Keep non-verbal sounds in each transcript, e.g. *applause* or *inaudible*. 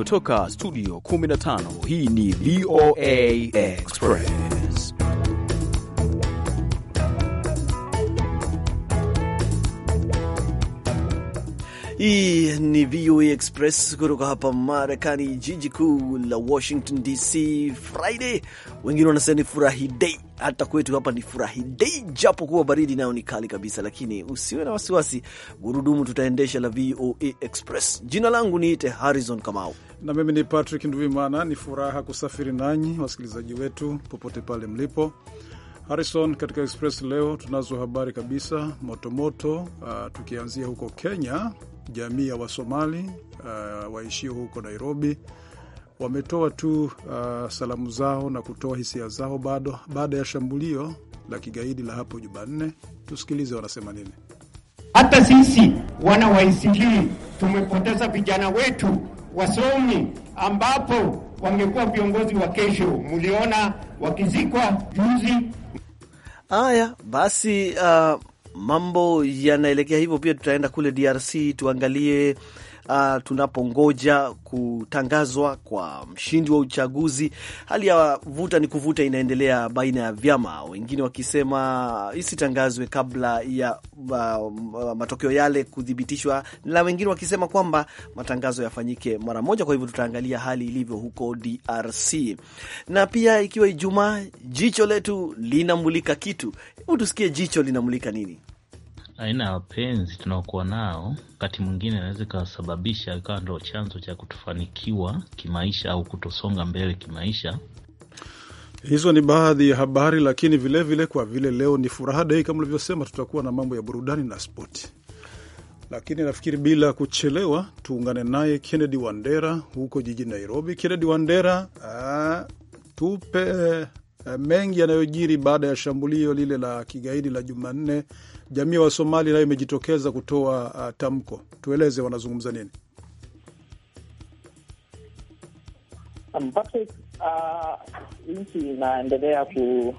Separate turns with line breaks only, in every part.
kutoka studio 15 hii ni VOA Express. Hii ni VOA Express kutoka hapa Marekani, jiji kuu la Washington DC. Friday wengine wanasema ni furahi day hata kwetu hapa ni furahi dei, japo kuwa baridi nayo ni kali kabisa, lakini usiwe na wasiwasi, gurudumu tutaendesha la VOA
Express. Jina langu niite Harrison Kamau na mimi ni Patrick Nduvimana. Ni furaha kusafiri nanyi wasikilizaji wetu popote pale mlipo. Harrison, katika Express leo tunazo habari kabisa motomoto -moto, uh, tukianzia huko Kenya, jamii ya Wasomali uh, waishio huko Nairobi wametoa tu uh, salamu zao na kutoa hisia zao bado baada ya shambulio la kigaidi la hapo Jumanne. Tusikilize wanasema nini.
Hata sisi wana wa tumepoteza vijana wetu wasomi, ambapo wangekuwa viongozi wa kesho, mliona wakizikwa juzi. Haya basi,
uh, mambo yanaelekea hivyo. Pia tutaenda kule DRC tuangalie uh, tunapongoja kutangazwa kwa mshindi wa uchaguzi, hali ya vuta ni kuvuta inaendelea baina ya vyama, wengine wakisema isitangazwe kabla ya uh, matokeo yale kuthibitishwa, na wengine wakisema kwamba matangazo yafanyike mara moja. Kwa hivyo tutaangalia hali ilivyo huko DRC, na pia ikiwa Ijumaa, jicho letu linamulika kitu. Hebu tusikie jicho linamulika nini?
aina ya wapenzi tunaokuwa nao wakati mwingine inaweza ikawasababisha ikawa ndo chanzo cha kutofanikiwa kimaisha au kutosonga mbele kimaisha.
Hizo ni baadhi ya habari, lakini vilevile vile, kwa vile leo ni furaha dei kama ulivyosema, tutakuwa na mambo ya burudani na spoti, lakini nafikiri bila kuchelewa tuungane naye Kennedy Wandera huko jijini Nairobi. Kennedy Wandera, aa, ah, tupe Eh, mengi yanayojiri baada ya shambulio lile la kigaidi la Jumanne. Jamii ya Wasomali nayo imejitokeza kutoa uh, tamko. Tueleze wanazungumza nini?
Patrick,
eh, nchi inaendelea ku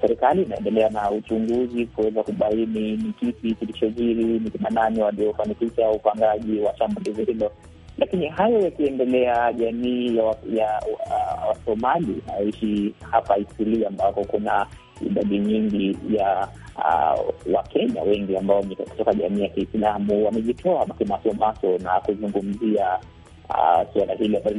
serikali inaendelea na uchunguzi kuweza kubaini ni kipi kilichojiri, ni kina nani waliofanikisha upangaji wa shambulizi hilo. Lakini hayo yakiendelea, jamii ya, ya uh, Wasomali naishi hapa Ituri ambako kuna idadi nyingi ya uh, Wakenya wengi ambao kutoka jamii ya Kiislamu wamejitoa kimasomaso na kuzungumzia uh, suala hili ambalo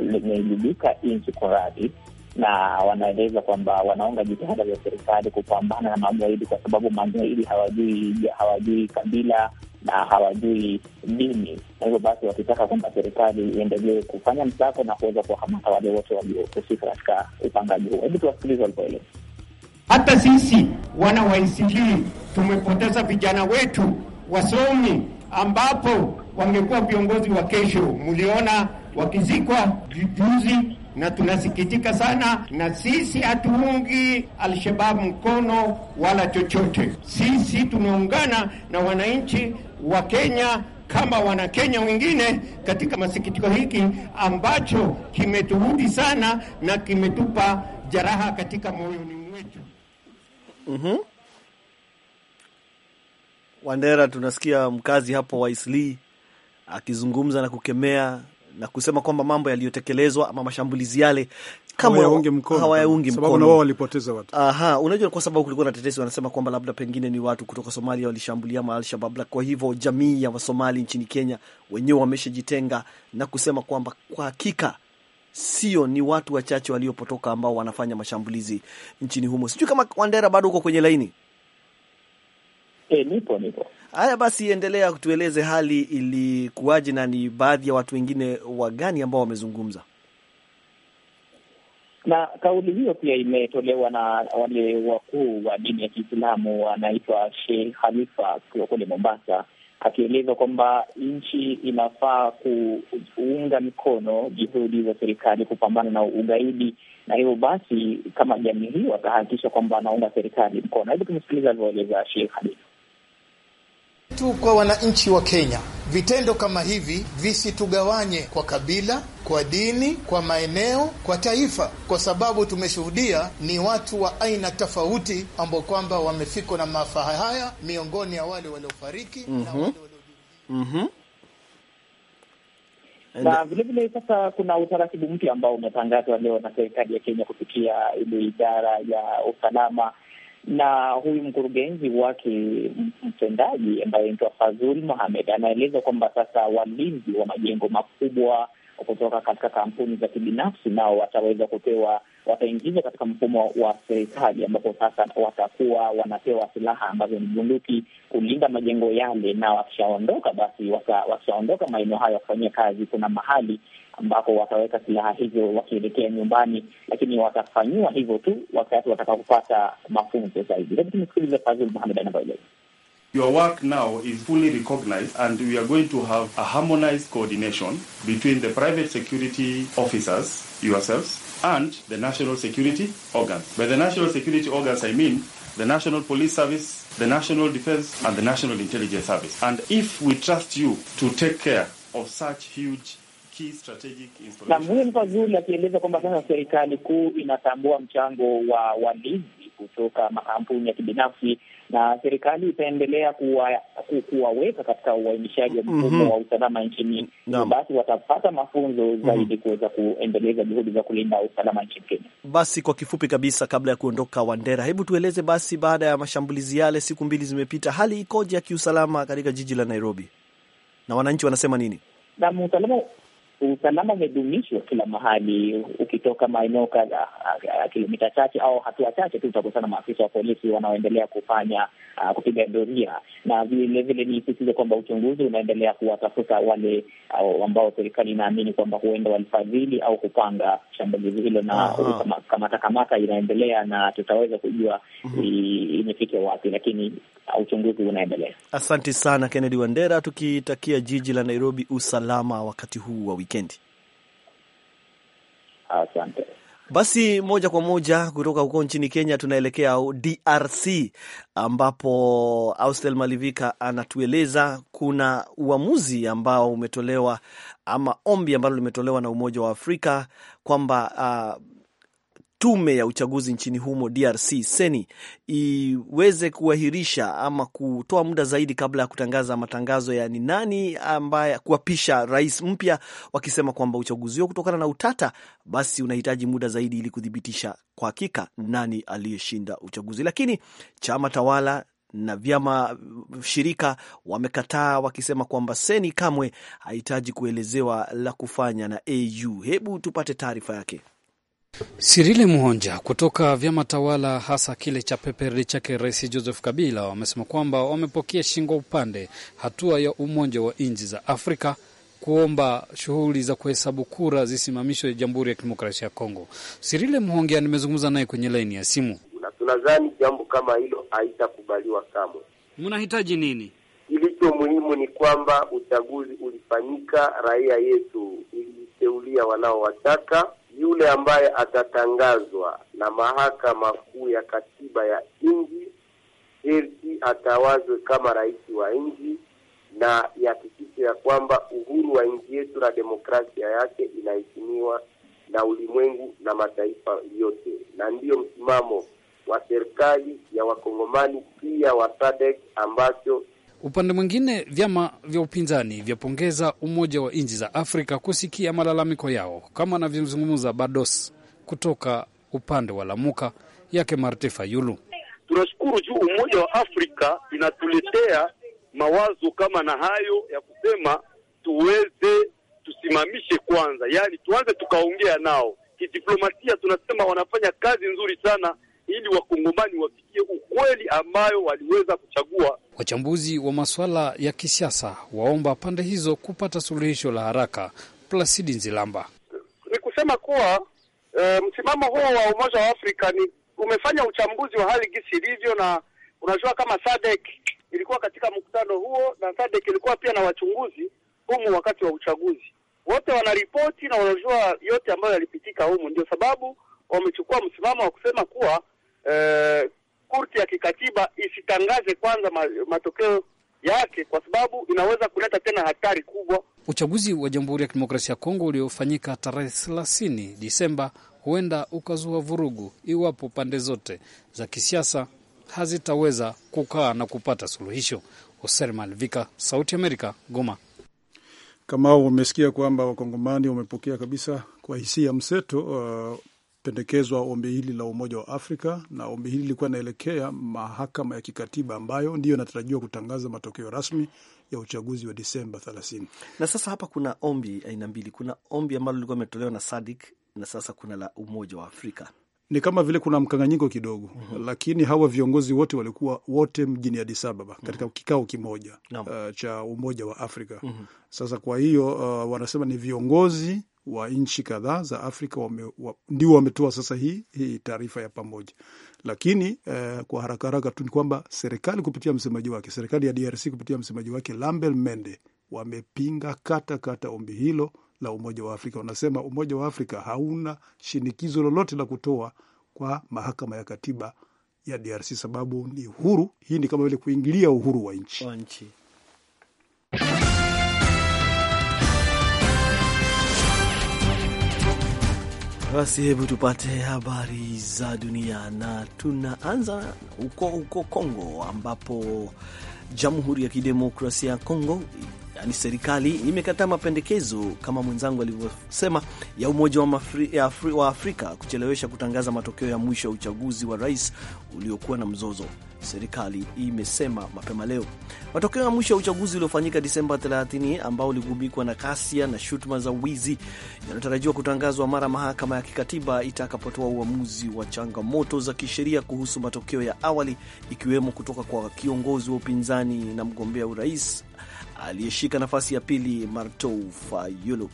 linaidubika nchi, kwa radhi na wanaeleza kwamba wanaunga jitihada za serikali kupambana na magaidi, kwa sababu magaidi hawajui hawajui kabila na hawajui dini, na hivyo basi wakitaka kwamba serikali iendelee kufanya msako na kuweza kuwakamata wale wote waliohusika katika upangaji huo. Hebu tuwasikilize walipoeleza.
Hata sisi wana wa tumepoteza vijana wetu wasomi, ambapo wangekuwa viongozi wa kesho. Mliona wakizikwa juzi na tunasikitika sana, na sisi hatuungi Alshabab mkono wala chochote. Sisi tumeungana na wananchi wa Kenya kama Wanakenya wengine katika masikitiko hiki ambacho kimetuhudi sana na kimetupa jeraha katika moyoni mwetu. mm -hmm.
Wandera, tunasikia mkazi hapo wa Isli akizungumza na kukemea na kusema kwamba mambo yaliyotekelezwa ama mashambulizi yale kama hawayaungi mkono, hawayaungi mkono, sababu na wao
walipoteza watu.
Aha, unajua kwa sababu kulikuwa na tetesi wanasema kwamba labda pengine ni watu kutoka Somalia walishambulia Al-Shabaab, kwa hivyo jamii ya Wasomali nchini Kenya wenyewe wameshajitenga na kusema kwamba kwa hakika sio ni watu wachache waliopotoka ambao wanafanya mashambulizi nchini humo. Sijui kama Wandera bado uko kwenye laini. E, nipo nipo. Haya basi, endelea tueleze hali ilikuwaje na ni baadhi ya watu wengine wagani ambao wamezungumza
na kauli hiyo pia imetolewa na wale wakuu wa dini ya Kiislamu wanaitwa Sheikh Khalifa kiwa kule Mombasa, akieleza kwamba nchi inafaa kuunga mkono juhudi za serikali kupambana na ugaidi, na hivyo basi kama jamii hii watahakikisha kwamba wanaunga serikali mkono. Hebu tumesikiliza alivyoeleza Sheikh Khalifa
tu kwa wananchi wa Kenya. Vitendo kama hivi visitugawanye kwa kabila, kwa dini, kwa maeneo, kwa taifa, kwa sababu tumeshuhudia ni watu wa aina tofauti ambao kwamba wamefikwa na maafa haya, miongoni ya wale waliofariki
mm -hmm. na mhm. wale walio... mm -hmm.
na vilevile
sasa kuna utaratibu mpya ambao umetangazwa leo na serikali ya Kenya kupitia ile idara ya usalama na huyu mkurugenzi wake mtendaji ambaye anaitwa Fazul Mohamed anaeleza kwamba sasa walinzi wa majengo makubwa kutoka katika kampuni za kibinafsi nao wataweza kupewa, wataingizwa katika mfumo wa serikali, ambapo sasa watakuwa wanapewa silaha ambazo ni bunduki kulinda majengo yale, na wakishaondoka basi, wakishaondoka maeneo hayo wakifanyia kazi, kuna mahali ambapo wataweka silaha hizo wakielekea nyumbani, lakini watafanyiwa hivyo tu wakati watakapopata mafunzo zaidi. Hebu tumsikilize Fazil Muhamed anavyoeleza.
Your work now
is fully recognized and we are going to have a harmonized coordination between the private security officers, yourselves, and the national security organs. By the national security organs, I mean the National Police Service, the National Defense, and the National Intelligence Service. And if we trust you to take care of such huge
Nam huyo Mfazuli akieleza kwamba sasa serikali kuu inatambua mchango wa walinzi kutoka makampuni ya kibinafsi na serikali itaendelea kuwa, kuwaweka katika uainishaji wa mfumo mm -hmm. wa usalama nchini no. Basi watapata mafunzo mhm. zaidi mm -hmm. kuweza kuendeleza juhudi za kulinda usalama nchini Kenya.
Basi kwa kifupi kabisa, kabla ya kuondoka Wandera, hebu tueleze basi, baada ya mashambulizi yale, siku mbili zimepita, hali ikoje ya kiusalama katika jiji la Nairobi na wananchi wanasema nini?
usalama usalama umedumishwa kila mahali. Ukitoka maeneo kadhaa uh, kilomita chache au hatua chache tu utakutana na maafisa wa polisi wanaoendelea kufanya uh, kupiga doria, na vilevile nisisitize kwamba uchunguzi unaendelea kuwatafuta wale uh, ambao serikali inaamini kwamba huenda walifadhili au kupanga shambulizi hilo, na kamatakamata inaendelea na tutaweza kujua uh mhm. -huh. imefikia wapi, lakini uh, uchunguzi unaendelea.
Asante sana Kennedy Wandera, tukitakia jiji la Nairobi usalama wakati huu wa wiki wikendi. Asante. Basi moja kwa moja kutoka huko nchini Kenya tunaelekea DRC ambapo Austel Malivika anatueleza kuna uamuzi ambao umetolewa ama ombi ambalo limetolewa na Umoja wa Afrika kwamba uh, tume ya uchaguzi nchini humo DRC seni iweze kuahirisha ama kutoa muda zaidi kabla ya kutangaza matangazo ya ni nani ambaye kuapisha rais mpya, wakisema kwamba uchaguzi huo kutokana na utata, basi unahitaji muda zaidi ili kuthibitisha kwa hakika nani aliyeshinda uchaguzi. Lakini chama tawala na vyama shirika wamekataa wakisema kwamba seni kamwe hahitaji kuelezewa la kufanya na
AU. Hebu tupate taarifa yake. Sirile Muhonja kutoka vyama tawala hasa kile cha PPRD chake Rais Joseph Kabila wamesema kwamba wamepokea shingo upande hatua ya Umoja wa Nchi za Afrika kuomba shughuli za kuhesabu kura zisimamishwe Jamhuri ya Kidemokrasia ya Kongo. Sirile Muhonja nimezungumza naye kwenye laini ya simu.
Tunadhani jambo kama hilo haitakubaliwa kamwe.
Mnahitaji nini? Kilicho muhimu
ni kwamba uchaguzi ulifanyika, raia yetu iliteulia wanaowataka yule ambaye atatangazwa na mahakama kuu ya katiba ya nchi sherti atawazwe kama rais wa nchi na ihakikishe ya kwamba uhuru wa nchi yetu na demokrasia yake inaheshimiwa na ulimwengu na mataifa yote, na ndiyo msimamo wa serikali ya Wakongomani pia wa SADC ambacho
Upande mwingine, vyama vya upinzani vyapongeza Umoja wa Nchi za Afrika kusikia malalamiko yao, kama anavyozungumza Bados kutoka upande wa Lamuka yake Marte Fayulu.
Tunashukuru juu Umoja wa Afrika inatuletea mawazo kama na hayo ya kusema tuweze tusimamishe kwanza, yaani tuanze tukaongea nao kidiplomasia. Tunasema wanafanya kazi nzuri sana ili wakongomani wafikie ukweli ambayo waliweza kuchagua.
Wachambuzi wa masuala ya kisiasa waomba pande hizo kupata suluhisho la haraka. Plasidi Nzilamba
ni kusema kuwa e, msimamo huo wa Umoja wa Afrika ni umefanya uchambuzi wa hali gisi ilivyo, na unajua kama SADC ilikuwa katika mkutano huo na SADC ilikuwa pia na wachunguzi humu wakati wa uchaguzi, wote wanaripoti na wanajua yote ambayo yalipitika humu, ndio sababu wamechukua msimamo wa kusema kuwa Eh, kurti ya kikatiba isitangaze kwanza matokeo yake, kwa sababu inaweza kuleta
tena hatari kubwa. Uchaguzi wa Jamhuri ya Kidemokrasia ya Kongo uliofanyika tarehe 30 Disemba huenda ukazua vurugu iwapo pande zote za kisiasa hazitaweza kukaa na kupata suluhisho. Hoser Malvika, Sauti Amerika, Goma.
Kama umesikia kwamba wakongomani wamepokea kabisa kwa hisia mseto uh, pendekezwa ombi hili la Umoja wa Afrika, na ombi hili lilikuwa inaelekea mahakama ya kikatiba ambayo ndiyo inatarajiwa kutangaza matokeo rasmi ya uchaguzi wa Disemba 30. Na sasa hapa kuna ombi aina mbili, kuna ombi ambalo
lilikuwa imetolewa na Sadik na sasa kuna la Umoja wa Afrika
ni kama vile kuna mkanganyiko kidogo mm -hmm. Lakini hawa viongozi wote walikuwa wote mjini Addis Ababa mhm. katika mm -hmm. kikao kimoja no. uh, cha Umoja wa Afrika mm -hmm. Sasa kwa hiyo uh, wanasema ni viongozi wa nchi kadhaa za Afrika wame, wa, ndio wametoa sasa hii, hii taarifa ya pamoja, lakini eh, kwa haraka haraka tu ni kwamba serikali kupitia msemaji wake, serikali ya DRC kupitia msemaji wake Lambert Mende wamepinga katakata ombi hilo la Umoja wa Afrika. Wanasema Umoja wa Afrika hauna shinikizo lolote la kutoa kwa mahakama ya katiba ya DRC sababu ni uhuru Hii ni kama vile kuingilia uhuru wa nchi.
Basi hebu tupate habari za dunia, na tunaanza huko huko Kongo ambapo Jamhuri ya Kidemokrasia ya Kongo ni serikali imekataa mapendekezo kama mwenzangu alivyosema ya Umoja wa, mafri, ya Afri, wa Afrika kuchelewesha kutangaza matokeo ya mwisho ya uchaguzi wa rais uliokuwa na mzozo. Serikali imesema mapema leo matokeo ya mwisho ya uchaguzi uliofanyika Disemba 30 ambao uligubikwa na kasia na shutuma za wizi yanatarajiwa kutangazwa mara mahakama ya kikatiba itakapotoa uamuzi wa changamoto za kisheria kuhusu matokeo ya awali, ikiwemo kutoka kwa kiongozi wa upinzani na mgombea urais Aliyeshika nafasi ya pili Martou Fayulu.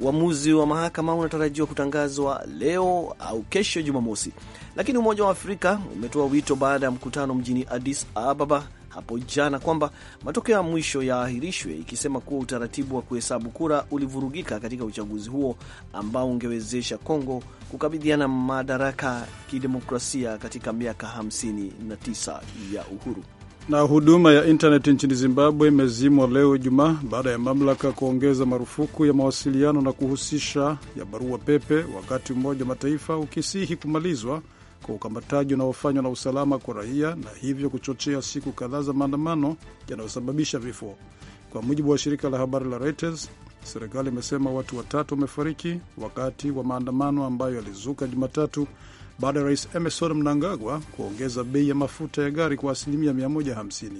Uamuzi wa mahakama unatarajiwa kutangazwa leo au kesho Jumamosi, lakini Umoja wa Afrika umetoa wito baada ya mkutano mjini Addis Ababa hapo jana kwamba matokeo ya mwisho yaahirishwe, ikisema kuwa utaratibu wa kuhesabu kura ulivurugika katika uchaguzi huo ambao ungewezesha Kongo kukabidhiana madaraka kidemokrasia katika miaka 59 ya uhuru.
Na huduma ya intaneti nchini Zimbabwe imezimwa leo Ijumaa baada ya mamlaka kuongeza marufuku ya mawasiliano na kuhusisha ya barua pepe, wakati Umoja wa Mataifa ukisihi kumalizwa kwa ukamataji unaofanywa na usalama kwa raia na hivyo kuchochea siku kadhaa za maandamano yanayosababisha vifo. Kwa mujibu wa shirika la habari la Reuters, serikali imesema watu watatu wamefariki wakati wa maandamano ambayo yalizuka Jumatatu baada ya Rais Emerson Mnangagwa kuongeza bei ya mafuta ya gari kwa asilimia 150.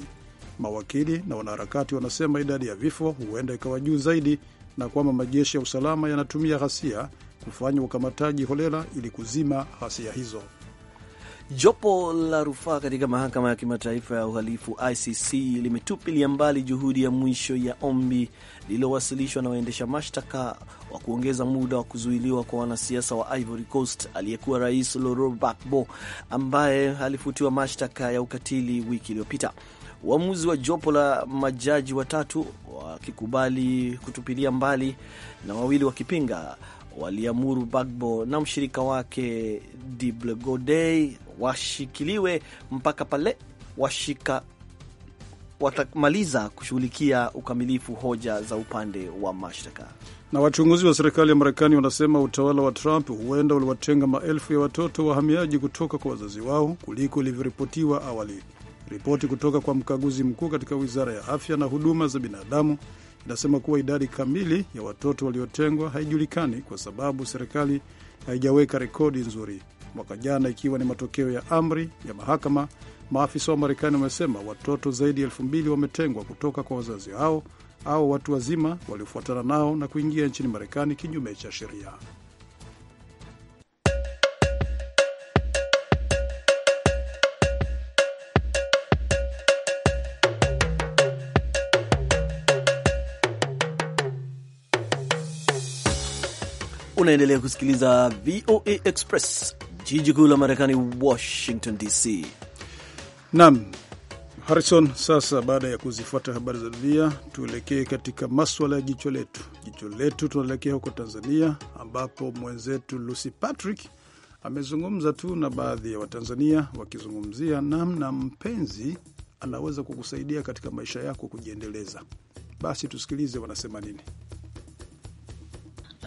Mawakili na wanaharakati wanasema idadi ya vifo huenda ikawa juu zaidi na kwamba majeshi ya usalama yanatumia ghasia kufanya ukamataji holela ili kuzima ghasia hizo.
Jopo la rufaa katika mahakama ya kimataifa ya uhalifu ICC limetupilia mbali juhudi ya mwisho ya ombi lililowasilishwa na waendesha mashtaka wa kuongeza muda wa kuzuiliwa kwa wanasiasa wa Ivory Coast aliyekuwa rais Laurent Gbagbo ambaye alifutiwa mashtaka ya ukatili wiki iliyopita. Uamuzi wa jopo la majaji watatu wakikubali kutupilia mbali na wawili wakipinga waliamuru Bagbo na mshirika wake diblegodey washikiliwe mpaka pale washika watamaliza kushughulikia ukamilifu hoja za upande wa mashtaka.
Na wachunguzi wa serikali ya Marekani wanasema utawala wa Trump huenda uliwatenga maelfu ya watoto wahamiaji kutoka kwa wazazi wao kuliko ilivyoripotiwa awali. Ripoti kutoka kwa mkaguzi mkuu katika wizara ya afya na huduma za binadamu inasema kuwa idadi kamili ya watoto waliotengwa haijulikani kwa sababu serikali haijaweka rekodi nzuri. Mwaka jana, ikiwa ni matokeo ya amri ya mahakama, maafisa wa Marekani wamesema watoto zaidi ya elfu mbili wametengwa kutoka kwa wazazi hao au watu wazima waliofuatana nao na kuingia nchini Marekani kinyume cha sheria.
Unaendelea kusikiliza VOA Express, jiji kuu la Marekani, Washington DC.
Nam Harrison, sasa baada ya kuzifuata habari za dunia, tuelekee katika maswala ya jicho letu. Jicho letu tunaelekea huko Tanzania, ambapo mwenzetu Lucy Patrick amezungumza tu na baadhi ya Watanzania wakizungumzia namna mpenzi anaweza kukusaidia katika maisha yako kujiendeleza. Basi tusikilize wanasema nini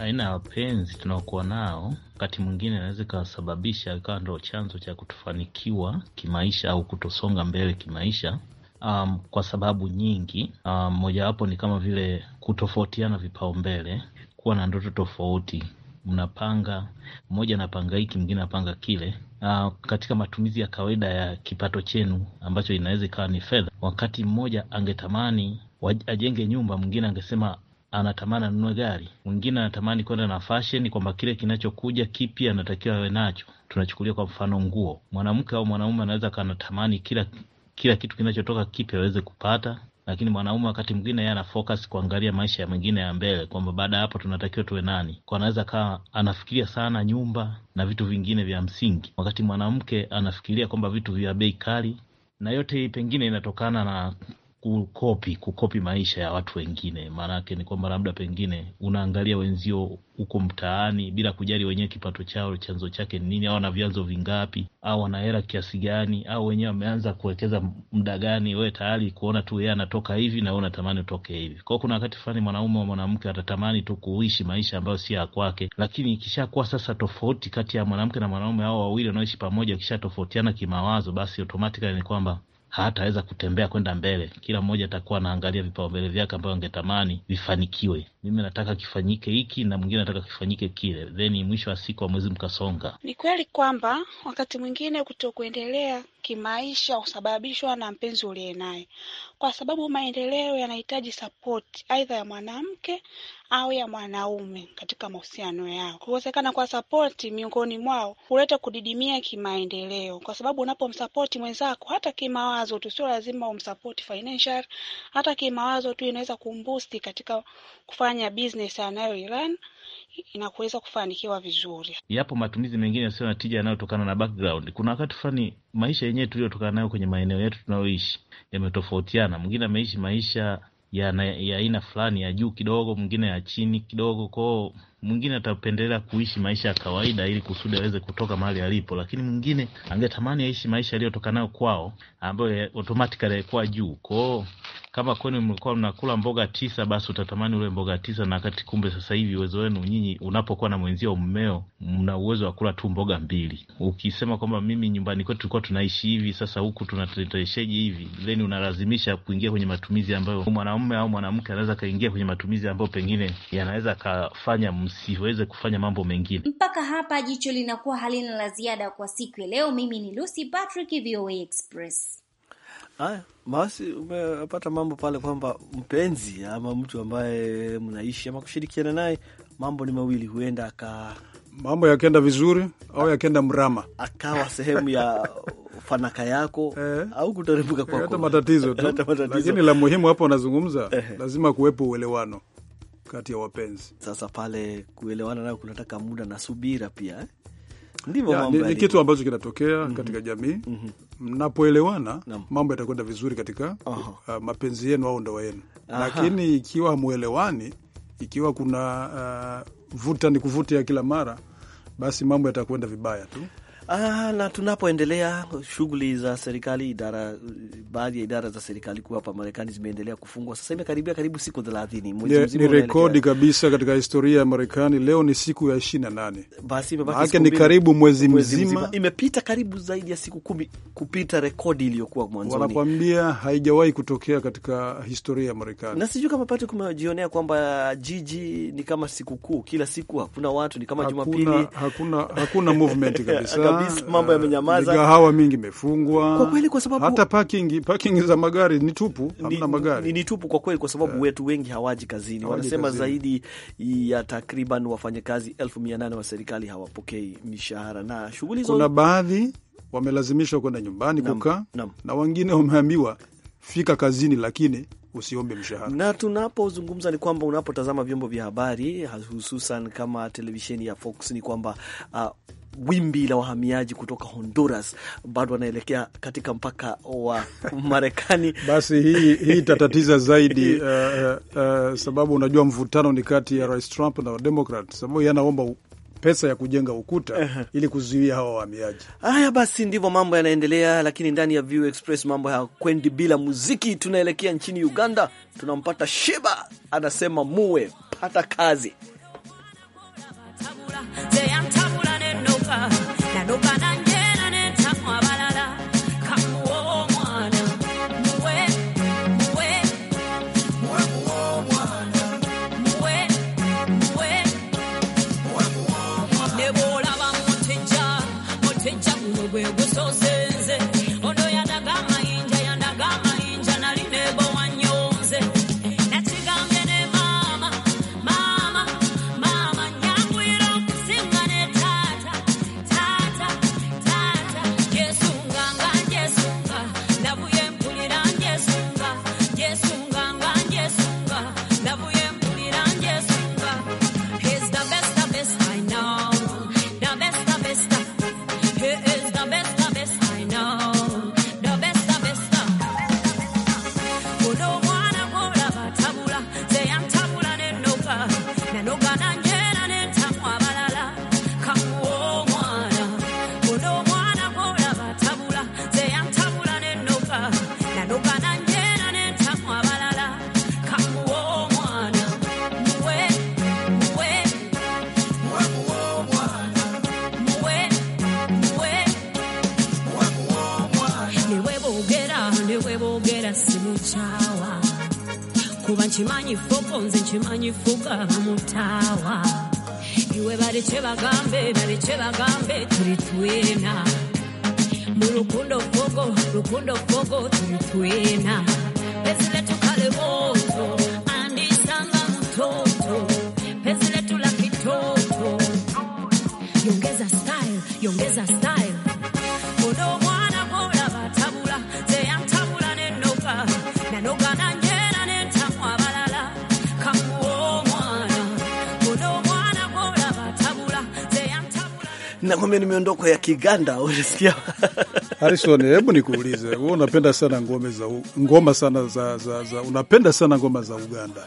aina ya wapenzi tunaokuwa nao wakati mwingine inaweza ikasababisha ikawa ndo chanzo cha kutofanikiwa kimaisha au kutosonga mbele kimaisha. Um, kwa sababu nyingi um, mojawapo, ni kama vile kutofautiana vipaumbele, kuwa na ndoto tofauti, mnapanga mmoja anapanga hiki, mwingine anapanga kile. Uh, katika matumizi ya kawaida ya kipato chenu ambacho inaweza ikawa ni fedha, wakati mmoja angetamani ajenge nyumba, mwingine angesema anatamani anunue gari, mwingine anatamani kwenda na fashion, kwamba kile kinachokuja kipya anatakiwa awe nacho. Tunachukulia kwa mfano nguo, mwanamke au mwanaume anaweza kanatamani kila kila kitu kinachotoka kipya aweze kupata, lakini mwanaume wakati mwingine yeye ana focus kuangalia maisha ya mwingine ya mbele, kwamba baada ya hapo tunatakiwa tuwe nani, kwa anaweza kaa anafikiria sana nyumba na vitu vingine vya msingi, wakati mwanamke anafikiria kwamba vitu vya bei kali na yote hii pengine inatokana na kukopi kukopi maisha ya watu wengine. Maanake ni kwamba labda pengine unaangalia wenzio huko mtaani bila kujali wenyewe kipato chao chanzo chake ni nini, au ana vyanzo vingapi, au wana hela kiasi gani, au wenyewe wameanza kuwekeza muda gani. Wewe tayari kuona tu yeye anatoka hivi na wewe unatamani utoke hivi. Kwa kuna wakati fulani mwanaume wa mwanamke atatamani tu kuishi maisha ambayo si ya kwake, lakini ikishakuwa sasa tofauti kati ya mwanamke na mwanaume, hao wawili wanaoishi pamoja, kisha tofautiana kimawazo, basi automatically ni kwamba hataweza kutembea kwenda mbele. Kila mmoja atakuwa anaangalia vipaumbele vyake ambavyo angetamani vifanikiwe. Mimi nataka kifanyike hiki na mwingine nataka kifanyike kile, then mwisho wa siku wa mwezi mkasonga.
Ni kweli kwamba wakati mwingine kutokuendelea kimaisha husababishwa na mpenzi uliye naye, kwa sababu maendeleo yanahitaji sapoti aidha ya mwanamke au ya mwanaume katika mahusiano yao. Kukosekana kwa sapoti miongoni mwao huleta kudidimia kimaendeleo, kwa sababu unapomsapoti mwenzako hata kimawazo tu, sio lazima umsapoti financial, hata kimawazo tu inaweza kumbusti katika kufanya business anayoiran inakuweza kufanikiwa vizuri.
Yapo matumizi mengine yasiyo na tija yanayotokana na background. Kuna wakati fulani maisha yenyewe tuliyotokana nayo kwenye maeneo yetu tunayoishi yametofautiana. Mwingine ameishi maisha ya aina fulani ya juu kidogo, mwingine ya chini kidogo kwao mwingine atapendelea kuishi maisha ya kawaida ili kusudi aweze kutoka mahali alipo, lakini mwingine angetamani aishi maisha yaliyotoka nayo kwao, ambayo automatically alikuwa juu kwao. Kama kwenu mlikuwa mnakula mboga tisa, basi utatamani ule mboga tisa, na wakati kumbe sasa hivi uwezo wenu nyinyi, unapokuwa na mwenzio mmeo, mna uwezo wa kula tu mboga mbili. Ukisema kwamba mimi nyumbani kwetu tulikuwa tunaishi hivi, sasa huku tunatetesheji hivi, leni unalazimisha kuingia kwenye matumizi ambayo mwanaume au mwanamke anaweza akaingia kwenye matumizi ambayo pengine yanaweza akafanya msiweze kufanya mambo mengine.
Mpaka hapa jicho linakuwa halina la ziada kwa siku ya leo. Mimi ni Lucy Patrick, VOA Express.
Haya basi, umepata mambo pale kwamba mpenzi ama mtu ambaye mnaishi ama kushirikiana naye, mambo ni mawili, huenda aka
mambo yakenda vizuri au yakenda mrama,
akawa sehemu ya fanaka yako *laughs* eh. au kuteremka kwako, hata matatizo tu, lakini la muhimu
hapo unazungumza, eh. lazima kuwepo uelewano kati ya wapenzi. Sasa pale kuelewana nayo kunataka muda na subira pia eh?
Ya, ni, ni kitu
ambacho kinatokea mm -hmm. katika jamii mhm. mnapoelewana mm -hmm. mambo yatakwenda vizuri katika uh -huh. uh, mapenzi yenu au ndoa yenu, lakini ikiwa hamuelewani, ikiwa kuna uh, vuta ni kuvuta ya kila mara, basi mambo yatakwenda vibaya tu. Ah, na tunapoendelea
shughuli za serikali, idara baadhi ya idara za serikali kuu hapa Marekani zimeendelea kufungwa sasa, imekaribia karibu siku thelathini. Ni rekodi
kabisa katika historia ya Marekani. Leo ni siku ya ishirini na nane basi imebaki ni karibu mwezi, mwezi mzima. mzima
imepita karibu zaidi ya siku kumi kupita rekodi iliyokuwa mwanzoni. Wanakwambia
haijawahi kutokea katika historia ya Marekani, na sijui
kama Patrick kumejionea kwamba jiji ni kama sikukuu, kila siku hakuna watu,
ni kama Jumapili hakuna, hakuna, hakuna movement kabisa *laughs* polisi mambo yamenyamaza, eh, migahawa mingi imefungwa kwa kweli, kwa sababu hata parking parking za magari ni tupu, hamna magari ni, ni tupu kwa
kweli, kwa sababu yeah, wetu wengi hawaji kazini, hawaji wanasema kazini. Zaidi ya takriban wafanyakazi elfu
mia nane wa serikali hawapokei mishahara na shughuli zote. Kuna baadhi wamelazimishwa kwenda nyumbani kukaa na wengine wameambiwa fika kazini lakini usiombe
mshahara. Na tunapozungumza ni kwamba unapotazama vyombo vya habari hususan kama televisheni ya Fox ni kwamba uh, wimbi la wahamiaji kutoka Honduras bado wanaelekea katika mpaka wa *laughs* Marekani.
Basi hii hii itatatiza zaidi uh, *laughs* uh, sababu unajua mvutano ni kati ya Rais Trump na Wademokrat, sababu yeye anaomba pesa ya kujenga ukuta uh -huh. ili kuzuia hawa wahamiaji. Haya basi, ndivyo mambo
yanaendelea, lakini ndani ya View Express mambo hayakwendi bila muziki. Tunaelekea nchini Uganda, tunampata Sheba anasema muwe pata kazi
bareke bagambe bareke bagambe turi twena mu rukundo fogo rukundo fogo turi twena pezi letu moto andisanga mtoto pezi letu kitoto yongeza style yongeza style
Nakwambia ni miondoko ya Kiganda, unasikia *laughs* Harison, hebu nikuulize wewe, unapenda sana ngome za ngoma sana za, za, za unapenda sana ngoma za Uganda,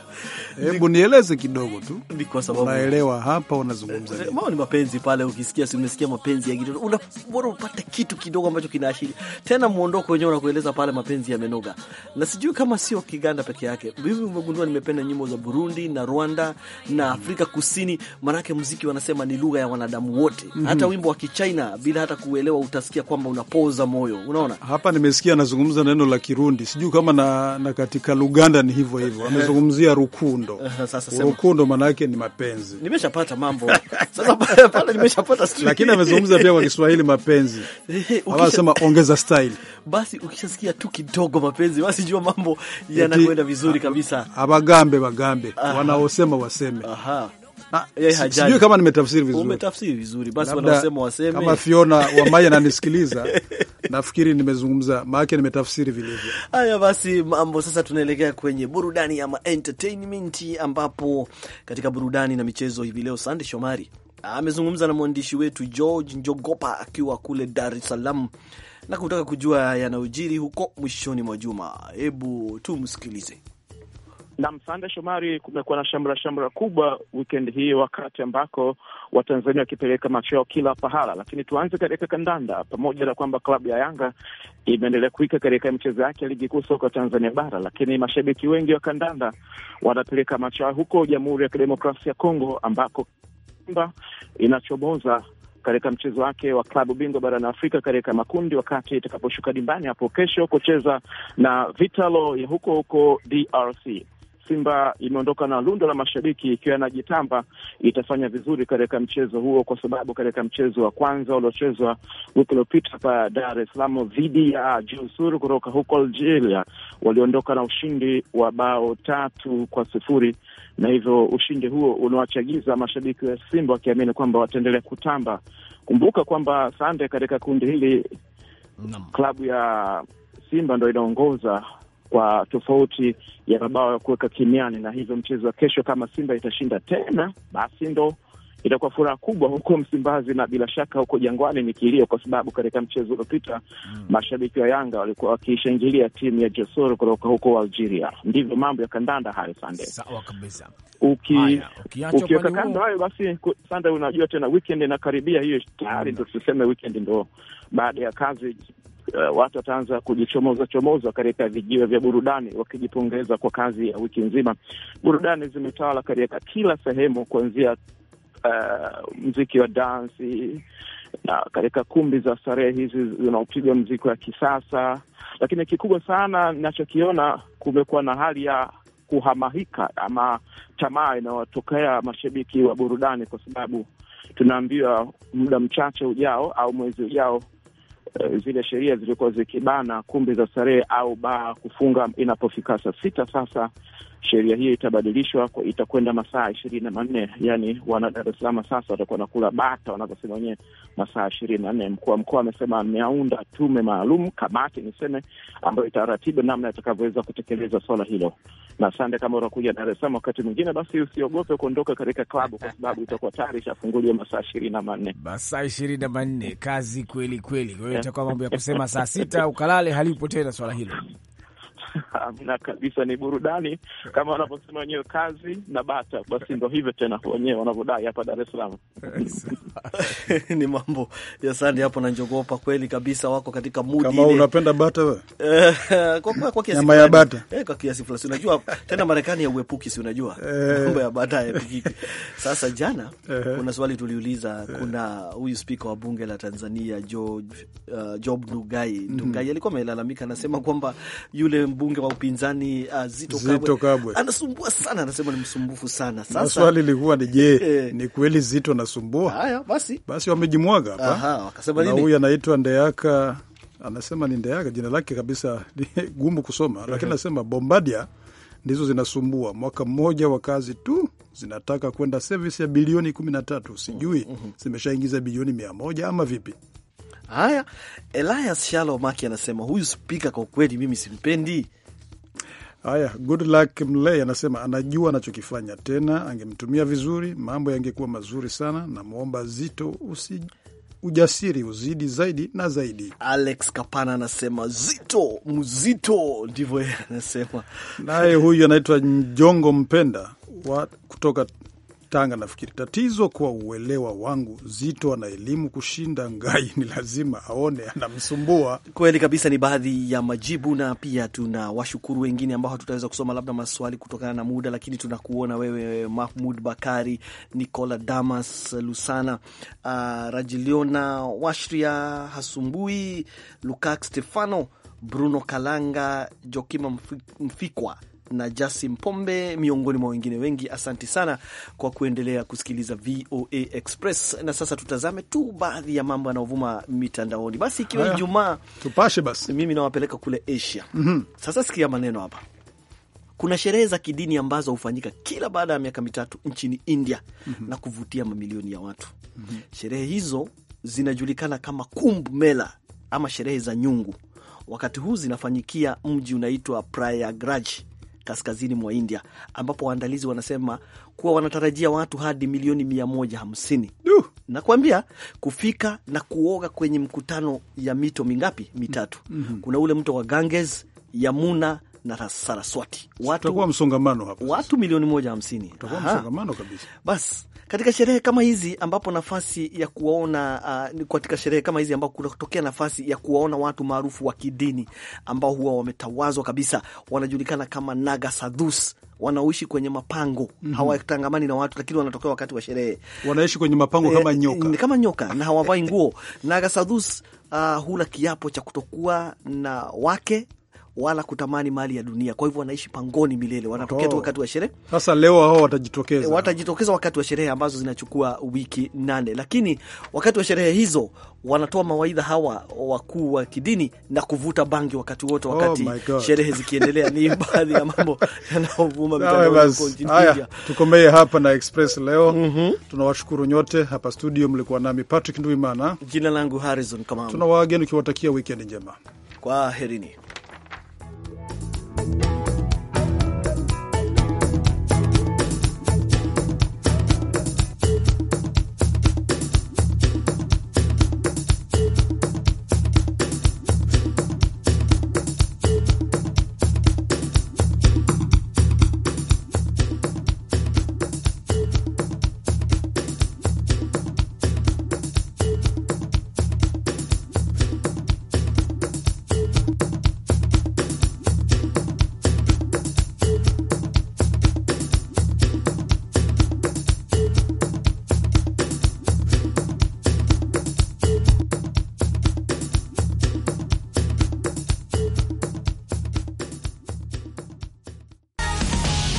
hebu nieleze kidogo tu, kwa sababu unaelewa hapa unazungumza nini.
ni mapenzi pale, ukisikia si umesikia mapenzi ya kidogo, unabora upate kitu kidogo ambacho kinaashiria tena. Muondoko wenyewe unakueleza pale mapenzi yamenoga, na sijui kama sio Kiganda peke yake. Mimi umegundua, nimependa nyimbo za Burundi na Rwanda na Afrika Kusini, maanake muziki wanasema ni lugha ya wanadamu wote mhm. hata wimbo wa Kichina bila hata kuelewa, utasikia kwamba unapoza moyo.
Unaona, hapa nimesikia anazungumza neno la Kirundi, sijui kama na, na katika Luganda ni hivyo hivyo, amezungumzia *laughs* rukundo. Sasa rukundo maana yake ni mapenzi.
Nimeshapata mambo *laughs*
sasa pale, nimeshapata
lakini amezungumza pia kwa
Kiswahili mapenzi, *laughs* anasema ongeza style. Basi ukishasikia tu kidogo mapenzi, basi jua mambo yanakwenda vizuri kabisa. Abagambe bagambe, wanaosema waseme. Aha. Eh, eh, sijui kama nimetafsiri vizuri. Umetafsiri
vizuri. Basi wanaosema waseme. Kama Fiona wa Maya *laughs*
ananisikiliza, *laughs* nafikiri nimezungumza maana nimetafsiri vilivyo.
Haya basi mambo sasa, tunaelekea kwenye burudani ama entertainment, ambapo katika burudani na michezo hivi leo Sande Shomari amezungumza na mwandishi wetu George Njogopa akiwa kule Dar es Salaam na kutaka kujua yanayojiri huko mwishoni mwa juma. Hebu tumsikilize.
Nam Sande Shomari, kumekuwa na shamra shamra kubwa wikendi hii, wakati ambako Watanzania wakipeleka macho yao kila pahala. Lakini tuanze katika kandanda, pamoja na kwamba klabu ya Yanga imeendelea kuika katika michezo yake ya ligi kuu soka Tanzania bara, lakini mashabiki wengi wa kandanda wanapeleka macho yao huko Jamhuri ya Kidemokrasia ya Kongo, ambako Simba inachomoza katika mchezo wake wa klabu bingwa barani Afrika katika makundi, wakati itakaposhuka dimbani hapo kesho kucheza na Vitalo ya huko huko DRC. Simba imeondoka na lundo la mashabiki ikiwa inajitamba itafanya vizuri katika mchezo huo, kwa sababu katika mchezo wa kwanza uliochezwa wiki iliopita hapa Dar es Salaam dhidi ya jusur kutoka huko Algeria, waliondoka na ushindi wa bao tatu kwa sifuri na hivyo ushindi huo unawachagiza mashabiki wa Simba wakiamini kwamba wataendelea kutamba. Kumbuka kwamba sande, katika kundi hili klabu ya Simba ndo inaongoza kwa tofauti ya mabao ya kuweka kimiani, na hivyo mchezo wa kesho, kama Simba itashinda tena, basi ndo itakuwa furaha kubwa huko Msimbazi na bila shaka huko Jangwani ni kilio, kwa sababu katika mchezo uliopita mm, mashabiki wa Yanga walikuwa wakishangilia timu ya Josoro kutoka huko Algeria. Ndivyo mambo ya kandanda hayo, Sande. Sawa kabisa. Uki, ukiweka kando hayo basi, Sande, unajua tena weekend inakaribia hiyo tayari, ndo tuseme weekend ndo baada ya kazi uh, watu wataanza kujichomoza chomoza katika vijiwe vya burudani wakijipongeza kwa kazi ya wiki nzima. Burudani zimetawala katika kila sehemu, kuanzia uh, mziki wa dansi na katika kumbi za starehe hizi zinaopigwa mziki wa kisasa, lakini kikubwa sana ninachokiona, kumekuwa na hali ya kuhamahika ama tamaa inayotokea mashabiki wa burudani, kwa sababu tunaambiwa muda mchache ujao au mwezi ujao uh, zile sheria zilizokuwa zikibana kumbi za starehe au baa kufunga inapofika saa sita sasa sheria hiyo itabadilishwa, itakwenda masaa ishirini na manne yani wana Dar es Salaam sasa watakuwa nakula bata wanavyosema wenyewe masaa ishirini na nne. Mkuu wa mkoa amesema ameaunda tume maalum, kamati niseme, ambayo itaratibu namna itakavyoweza kutekeleza swala hilo. Na sande, kama unakuja Dar es Salaam wakati mwingine, basi usiogope kuondoka katika klabu, kwa sababu itakuwa tayari ishafunguliwa masaa ishirini na manne masaa ishirini na manne Kazi kweli kweli. Kwa hiyo eh. itakuwa mambo ya kusema saa sita ukalale,
halipo tena swala hilo.
*laughs* Amna kabisa, ni burudani kama wanavyosema wenyewe, kazi na bata. Basi ndo hivyo tena wenyewe wanavyodai hapa Dar es Salaam.
*laughs* Ni mambo ya sandi hapo na njogopa, kweli kabisa, wako katika mudi kama ile. Unapenda bata wewe? *laughs* Kwa kwa, kwa kiasi ya bata eh, kwa kiasi fulani unajua tena Marekani ya uepuki, si unajua eh. mambo ya bata ya pikiki. Sasa jana eh. kuna swali tuliuliza, eh. kuna huyu spika wa bunge la Tanzania George, uh, Job Ndugai mhm. Ndugai mm -hmm. alikuwa amelalamika, anasema kwamba yule mbunge wa upinzani uh, Zito, Zito Kabwe anasumbua sana, anasema ni msumbufu sana. Sasa swali
lilikuwa ni je, *laughs* eh. ni kweli Zito nasumbua? Haya basi, basi wamejimwaga
hapa, wakasema nini? Huyu
anaitwa Ndeaka, anasema ni Ndeaka, jina lake kabisa *laughs* gumu kusoma Lakini anasema Bombadia ndizo zinasumbua. Mwaka mmoja wa kazi tu zinataka kwenda service ya bilioni kumi na tatu, sijui zimeshaingiza bilioni mia moja ama vipi? Haya, Elias Shalo Maki anasema huyu spika kwa kweli mimi simpendi. Haya, good luck Mlei anasema anajua anachokifanya, tena angemtumia vizuri, mambo yangekuwa mazuri sana. Namwomba Zito usi ujasiri uzidi zaidi na zaidi. Alex Kapana anasema Zito mzito, ndivyo anasema. Naye huyu anaitwa Njongo Mpenda wa kutoka Tanga nafikiri tatizo kwa uelewa wangu Zito ana elimu kushinda Ngai, ni lazima aone anamsumbua. Kweli
kabisa, ni baadhi ya majibu, na pia tuna washukuru wengine ambao hatutaweza kusoma labda maswali kutokana na muda, lakini tunakuona wewe Mahmud Bakari, Nicola Damas Lusana, uh, Rajiliona Washria Hasumbui, Lukak Stefano, Bruno Kalanga, Jokima Mfikwa na jasi Pombe miongoni mwa wengine wengi. Asanti sana kwa kuendelea kusikiliza VOA Express, na sasa tutazame tu baadhi ya mambo yanayovuma mitandaoni. Basi ikiwa ah, Ijumaa, tupashe basi, mimi nawapeleka kule Asia. mm -hmm. Sasa sikia maneno hapa. Kuna sherehe za kidini ambazo hufanyika kila baada ya miaka mitatu nchini India mm -hmm. na kuvutia mamilioni ya watu mm -hmm. sherehe hizo zinajulikana kama Kumbh Mela ama sherehe za nyungu. Wakati huu zinafanyikia mji unaitwa Prayagraj kaskazini mwa India, ambapo waandalizi wanasema kuwa wanatarajia watu hadi milioni mia hamsini nakuambia kufika na kuoga kwenye mkutano ya mito mingapi? Mitatu. mm -hmm. Kuna ule mto wa Ganges, Yamuna na Saraswati. Watu, tutakuwa msongamano hapa. Watu milioni moja hamsini. Tutakuwa msongamano kabisa. Bas, katika sherehe kama hizi ambapo nafasi ya kuwaona uh, katika sherehe kama hizi ambapo kunatokea nafasi ya kuwaona watu maarufu wa kidini ambao huwa wametawazwa kabisa, wanajulikana kama Naga Sadhus wanaoishi kwenye mapango mm -hmm. Hawatangamani na watu lakini wanatokea wakati wa sherehe,
wanaishi kwenye mapango e, kama
nyoka e, kama nyoka na hawavai *laughs* nguo. Naga Sadhus uh, hula kiapo cha kutokuwa na wake wala kutamani mali ya dunia. Kwa hivyo wanaishi pangoni milele, wanatokea tu oh. wakati wa sherehe.
Sasa leo hao watajitokeza, eh,
watajitokeza wakati wa sherehe ambazo zinachukua wiki nane, lakini wakati wa sherehe hizo wanatoa mawaidha hawa wakuu wa kidini na kuvuta bangi wakati wote, oh wakati oh sherehe zikiendelea. Ni *laughs* baadhi ya mambo yanayovuma mitandaoni.
Tukomee hapa na Express leo. mm -hmm. Tunawashukuru nyote hapa studio, mlikuwa nami Patrick Nduimana, jina langu Harrison Kamau. Tunawaaga nikiwatakia wikendi njema,
kwa herini.